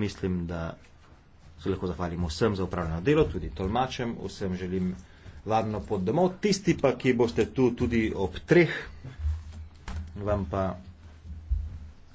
mislim, da se lahko zahvalim vsem za upravljeno delo, tudi tolmačem, vsem želim varno pot domov. Tisti pa, ki boste tu tudi ob treh, vam pa.